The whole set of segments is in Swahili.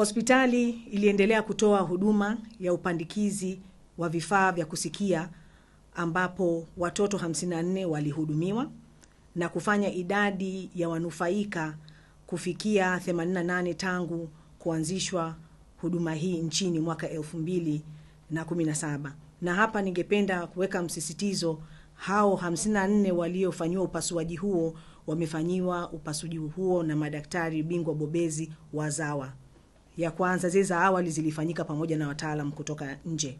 Hospitali iliendelea kutoa huduma ya upandikizi wa vifaa vya kusikia ambapo watoto 54 walihudumiwa na kufanya idadi ya wanufaika kufikia 88 tangu kuanzishwa huduma hii nchini mwaka 2017. Na hapa ningependa kuweka msisitizo, hao 54 waliofanyiwa upasuaji huo wamefanyiwa upasuaji huo na madaktari bingwa bobezi wazawa ya kwanza zile za awali zilifanyika pamoja na wataalam kutoka nje.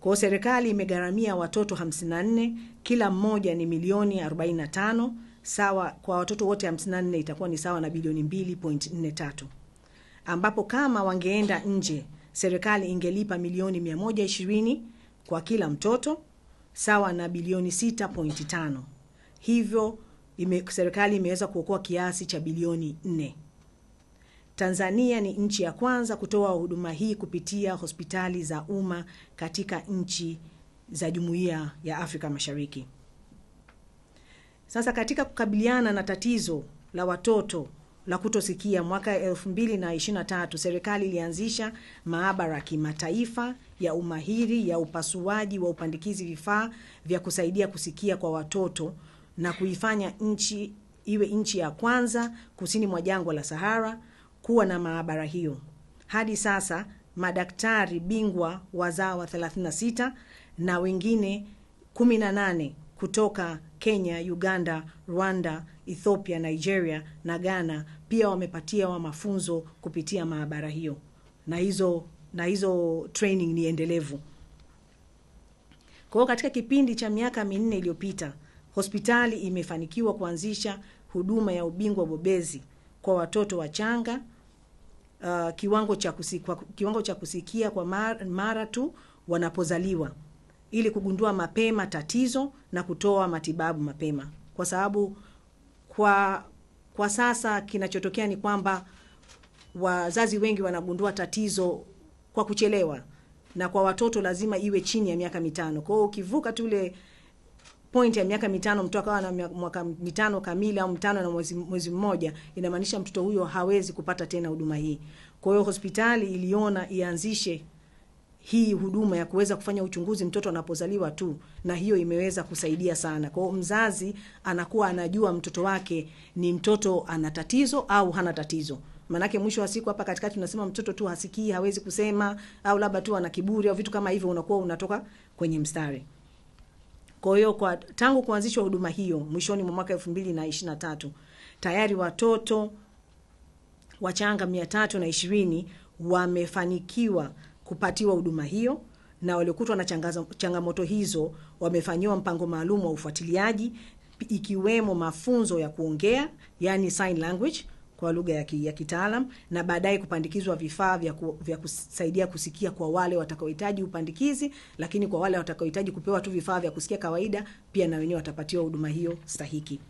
Kwa serikali imegharamia watoto 54, kila mmoja ni milioni 45, sawa kwa watoto wote 54 itakuwa ni sawa na bilioni 2.43, ambapo kama wangeenda nje serikali ingelipa milioni 120 kwa kila mtoto sawa na bilioni 6.5. Hivyo ime, serikali imeweza kuokoa kiasi cha bilioni 4. Tanzania ni nchi ya kwanza kutoa huduma hii kupitia hospitali za umma katika nchi za Jumuiya ya Afrika Mashariki. Sasa katika kukabiliana na tatizo la watoto la kutosikia, mwaka 2023 serikali ilianzisha maabara ya kimataifa ya umahiri ya upasuaji wa upandikizi vifaa vya kusaidia kusikia kwa watoto na kuifanya nchi iwe nchi ya kwanza kusini mwa jangwa la Sahara kuwa na maabara hiyo. Hadi sasa madaktari bingwa wazawa 36 na wengine 18 kutoka Kenya, Uganda, Rwanda, Ethiopia, Nigeria na Ghana pia wamepatia wa mafunzo kupitia maabara hiyo, na hizo na hizo training ni endelevu. Kwa hiyo katika kipindi cha miaka minne iliyopita, hospitali imefanikiwa kuanzisha huduma ya ubingwa bobezi kwa watoto wachanga uh, kiwango cha kusikia, kiwango cha kusikia kwa mara, mara tu wanapozaliwa ili kugundua mapema tatizo na kutoa matibabu mapema, kwa sababu kwa, kwa sasa kinachotokea ni kwamba wazazi wengi wanagundua tatizo kwa kuchelewa, na kwa watoto lazima iwe chini ya miaka mitano. Kwa hiyo ukivuka tu ile point ya miaka mitano, mtu akawa na mwaka mitano kamili au mtano na mwezi, mwezi mmoja, inamaanisha mtoto huyo hawezi kupata tena huduma hii. Kwa hiyo hospitali iliona ianzishe hii huduma ya kuweza kufanya uchunguzi mtoto anapozaliwa tu, na hiyo imeweza kusaidia sana. Kwa mzazi anakuwa anajua mtoto wake ni mtoto ana tatizo au hana tatizo. Maanake mwisho wa siku hapa katikati tunasema mtoto tu hasikii, hawezi kusema, au labda tu ana kiburi au vitu kama hivyo, unakuwa unatoka kwenye mstari. Kwa hiyo kwa tangu kuanzishwa huduma hiyo mwishoni mwa mwaka tatu tayari watoto wachanga ishirini wamefanikiwa kupatiwa huduma hiyo na waliokutwa na changamoto hizo wamefanyiwa mpango maalum wa ufuatiliaji ikiwemo mafunzo ya kuongea yani sign language kwa lugha ya, ki, ya kitaalam na baadaye kupandikizwa vifaa vya, ku, vya kusaidia kusikia kwa wale watakaohitaji upandikizi, lakini kwa wale watakaohitaji kupewa tu vifaa vya kusikia kawaida, pia na wenyewe watapatiwa huduma hiyo stahiki.